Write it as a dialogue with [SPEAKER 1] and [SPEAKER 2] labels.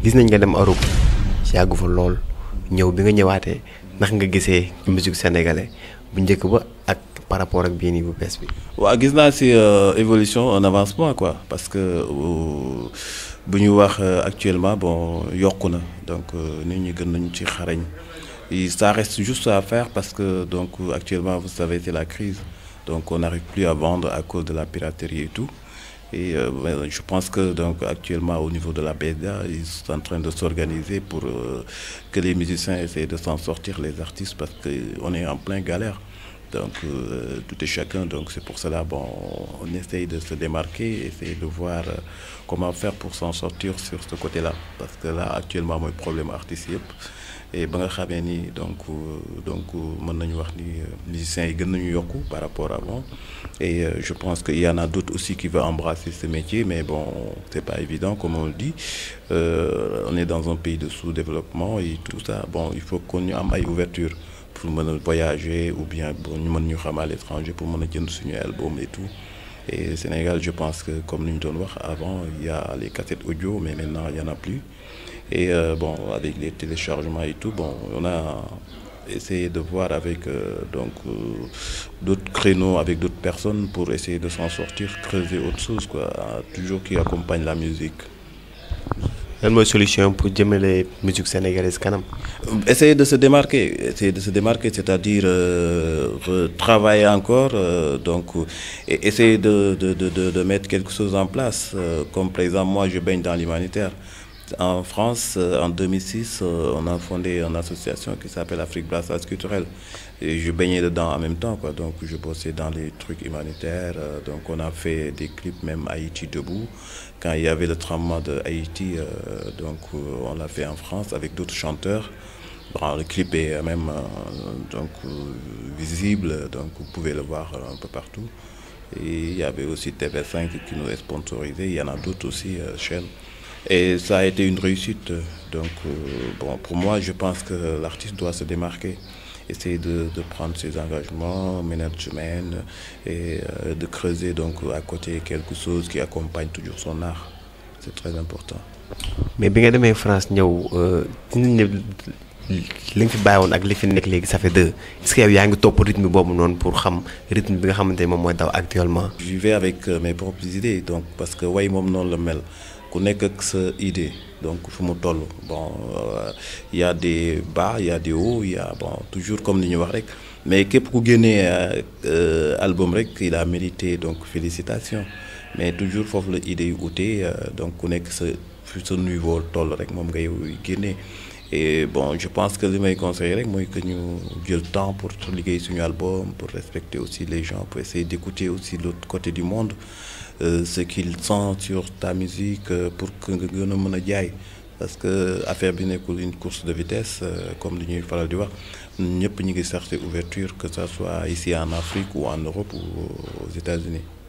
[SPEAKER 1] gis nañ nga dem Europe yàggu fa lool ñëw bi nga ñëwaatee ndax nga gisee musique sénégalais bu njëkk ba ak par rapport ak bii nii bu bees bi. waaw gis naa si euh, évolution en avancement quoi parce que euh, bu ñu wax euh, actuellement bon yokku na donc nit ñi gën nañu ci xarañ ça reste juste à faire parce que donc actuellement vous savez c'est la crise donc on n'arrive plus à vendre à cause de la piraterie et tout. Et euh, ben, je pense que donc actuellement au niveau de la BDA, ils sont en train de s'organiser pour euh, que les musiciens essayent de s'en sortir, les artistes, parce qu'on est en plein galère. Donc, euh, tout est chacun. Donc, c'est pour cela, bon, on essaye de se démarquer, essayer de voir euh, comment faire pour s'en sortir sur ce côté-là. Parce que là, actuellement, mon problème participe Et je donc, les euh, musiciens sont par rapport avant. Et je pense qu'il y en a d'autres aussi qui veulent embrasser ce métier, mais bon, c'est pas évident, comme on le dit. on est dans un pays de sous-développement et tout ça. Bon, il faut qu'on ait une ouverture pour voyager ou bien pour nous à l'étranger pour nous donner album et tout et Sénégal je pense que comme nous nous avant il y a les cassettes audio mais maintenant il n'y en a plus et euh, bon avec les téléchargements et tout bon on a essayé de voir avec euh, donc euh, d'autres créneaux avec d'autres personnes pour essayer de s'en sortir creuser autre chose quoi toujours qui accompagne la musique est moi solution pour jëmale musique sénégalaise kanam. essayer de se démarquer essayer de se démarquer c'est-à-dire euh, travailler encore euh, donc essayer de de mettre quelque chose en place euh, comme par exemple moi je baigne dans l'humanitaire en France, euh, en 2006, euh, on a fondé une association qui s'appelle Afrique Brassage Culturelle. Et je baignais dedans en même temps, Donc, je bossais dans les trucs humanitaires. Euh, donc, on a fait des clips, même Haïti debout. Quand il y avait le tremblement de Haïti, donc, on l'a fait en France avec d'autres chanteurs. le clip est même donc, visible, donc vous pouvez le voir un peu partout. Et il y avait aussi TV5 qui nous est sponsorisé, il y en a d'autres aussi, Shell. Et ça a été une réussite. Donc, euh, bon, pour moi, je pense que l'artiste doit se démarquer, essayer de, de prendre ses engagements, management, et euh, de creuser donc à côté quelque chose qui accompagne toujours son art. C'est très important. Mais bien que France, euh, li nga fi bàyyi woon ak li fi ça fait deux est-ce que yow yaa ngi top rythme pour xam rythme bi nga xamante actuellement. je vivais avec mes propres idées donc parce que way moom noonu le mel ku nekk ak sa idée donc fu mu toll bon euh, y a des bas il y a des hauts y a bon toujours comme li ñu wax rek mais képp ku génnee euh, album rek il a mérité donc félicitations mais toujours foofu la idée outé, ute euh, donc ku nekk sa fu sa niveau toll rek moom ngay génnee et bon je pense que je me conseiller moi que ñu temps pour sur un album pour respecter aussi les gens pour essayer d'écouter aussi l'autre côté du monde euh, ce qu'ils sentent sur ta musique euh, pour que nous nous parce que affaire bien une course de vitesse euh, comme li ñuy faral nous ne pouvons pas ngi chercher ouverture que ce soit ici en Afrique ou en Europe ou aux États-Unis